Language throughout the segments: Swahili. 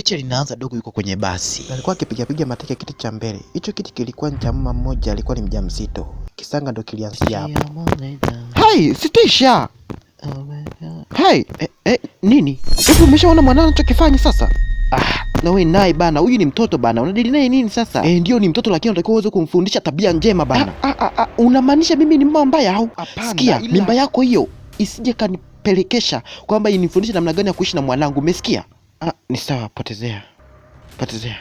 Picha linaanza, dogo yuko kwenye basi, alikuwa akipigapiga mateke kiti cha mbele. Hicho kiti kilikuwa ni cha mama mmoja, alikuwa ni mjamzito. Kisanga ndo kilianzia hapo. Hey, sitisha! Oh hey, eh, eh, nini Hebu Umeshaona mwanao anachokifanya sasa? Ah, na wewe naye bana, huyu ni mtoto bana, unadili naye nini sasa? Eh, ndio ni mtoto, lakini unatakiwa uweze kumfundisha tabia njema bana. Ah, ah, ah, ah unamaanisha mimi ni mama mbaya au? Sikia, mimba yako hiyo isije kanipelekesha kwamba inifundishe namna gani ya kuishi na mwanangu, umesikia? Ah, ni sawa, potezea potezea.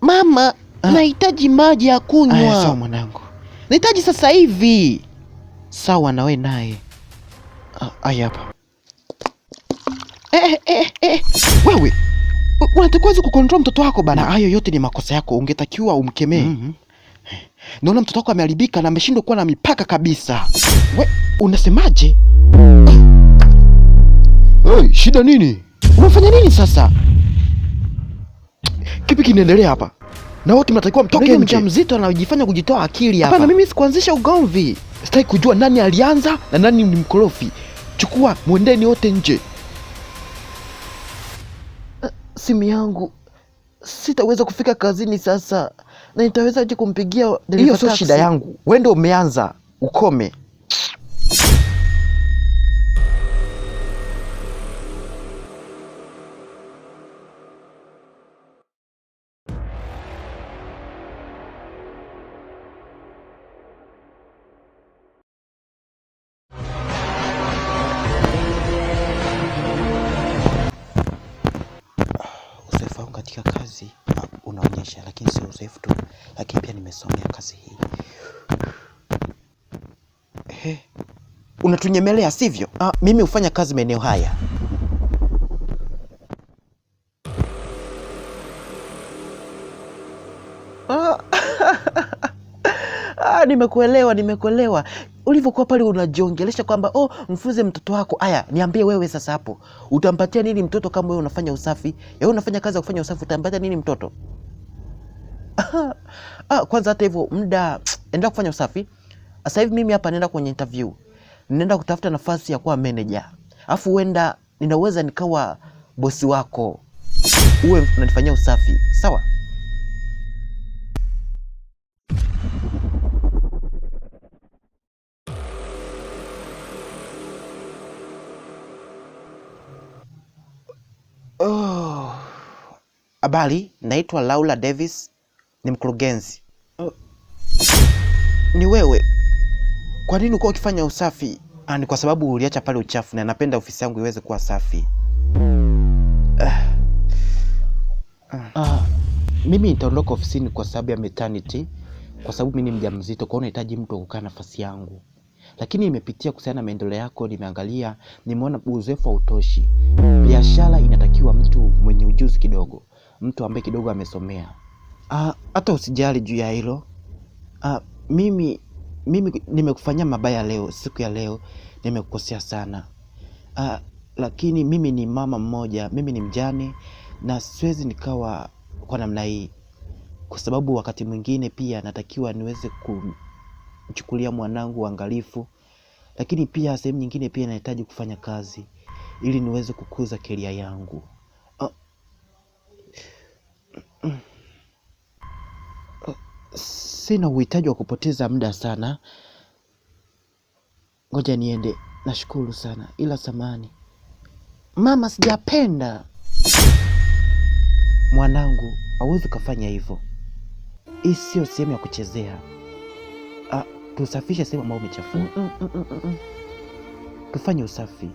Mama, ah. nahitaji maji ya kunywa. sawa mwanangu, nahitaji sasa hivi. Sawa, nawe naye. Ah, aya hapa. Eh, eh, eh. eh. Wewe unatakiwa kukontrol mtoto wako bana. Hayo yote ni makosa yako, ungetakiwa umkemee. mm -hmm. Naona mtoto wako ameharibika na ameshindwa kuwa na mipaka kabisa. We unasemaje? Hey, shida nini? Unafanya nini sasa? Kipi kinaendelea hapa? Na wote mnatakiwa mtoke nje. Mzito anajifanya kujitoa akili hapa. Hapana, mimi sikuanzisha ugomvi. Sitaki kujua nani alianza na nani ni mkorofi. Chukua, mwendeni wote nje. Simu yangu sitaweza kufika kazini sasa, na nitawezaje kumpigia dereva? Hiyo sio shida yangu, wewe ndio umeanza. Ukome. kuendesha lakini sio uzoefu tu lakini pia nimesomea kazi hii. He, unatunyemelea sivyo? Ah, mimi hufanya kazi maeneo haya. Ah, ah, nimekuelewa, nimekuelewa. Ulivyokuwa pale unajiongelesha kwamba oh, mfunze mtoto wako. Aya, niambie wewe sasa hapo. Utampatia nini mtoto kama wewe unafanya usafi? Wewe unafanya kazi ya kufanya usafi, utampatia nini mtoto? Ah, ah, kwanza hata hivyo muda endelea kufanya usafi. Sasa hivi mimi hapa naenda kwenye interview, ninaenda kutafuta nafasi ya kuwa manager, afu huenda ninaweza nikawa bosi wako, uwe unanifanyia usafi, sawa? Oh, habari, naitwa Laura Davis ni mkurugenzi. Oh. ni wewe? Kwa nini uko ukifanya usafi? Ah, ni kwa sababu uliacha pale uchafu, na napenda ofisi yangu iweze kuwa safi. Uh. Uh, mimi nitaondoka ofisini kwa sababu ya maternity, kwa sababu mimi ni mjamzito, kwa hiyo nahitaji mtu wa kukaa nafasi yangu. Lakini nimepitia kuhusiana na maendeleo yako, nimeangalia, nimeona uzoefu hautoshi. Biashara inatakiwa mtu mwenye ujuzi kidogo, mtu ambaye kidogo amesomea. Ah, hata usijali juu ya hilo. Ah, mimi nimekufanyia mabaya leo, siku ya leo nimekukosea sana. Ah, lakini mimi ni mama mmoja, mimi ni mjane na siwezi nikawa kwa namna hii. Kwa sababu wakati mwingine pia natakiwa niweze kumchukulia mwanangu uangalifu. Lakini pia sehemu nyingine pia nahitaji kufanya kazi ili niweze kukuza kelia yangu. Sina uhitaji wa kupoteza muda sana, ngoja niende. Nashukuru sana, ila samani mama, sijapenda. Mwanangu, hauwezi ukafanya hivyo, hii sio sehemu ya kuchezea. Ah, tusafishe sehemu ambayo umechafua. mm -mm -mm -mm. mm. Tufanye usafi.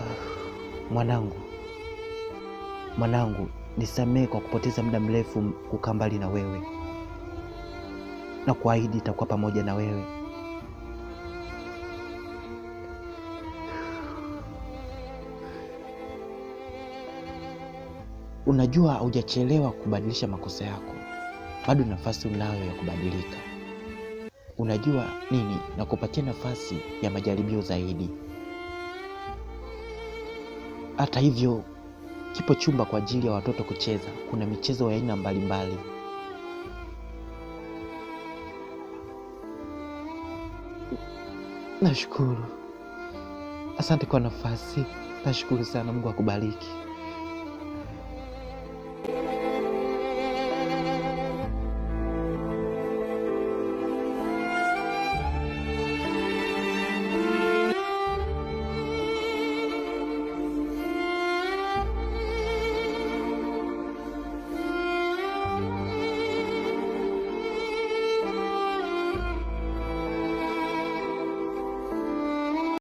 Ah, mwanangu, mwanangu, nisamehe kwa kupoteza muda mrefu kukaa mbali na wewe na kuahidi itakuwa pamoja na wewe. Unajua, haujachelewa kubadilisha makosa yako, bado nafasi unayo ya kubadilika. Unajua nini, nakupatia nafasi ya majaribio zaidi. Hata hivyo, kipo chumba kwa ajili ya watoto kucheza, kuna michezo ya aina mbalimbali. Nashukuru, asante kwa nafasi. Nashukuru sana, Mungu akubariki.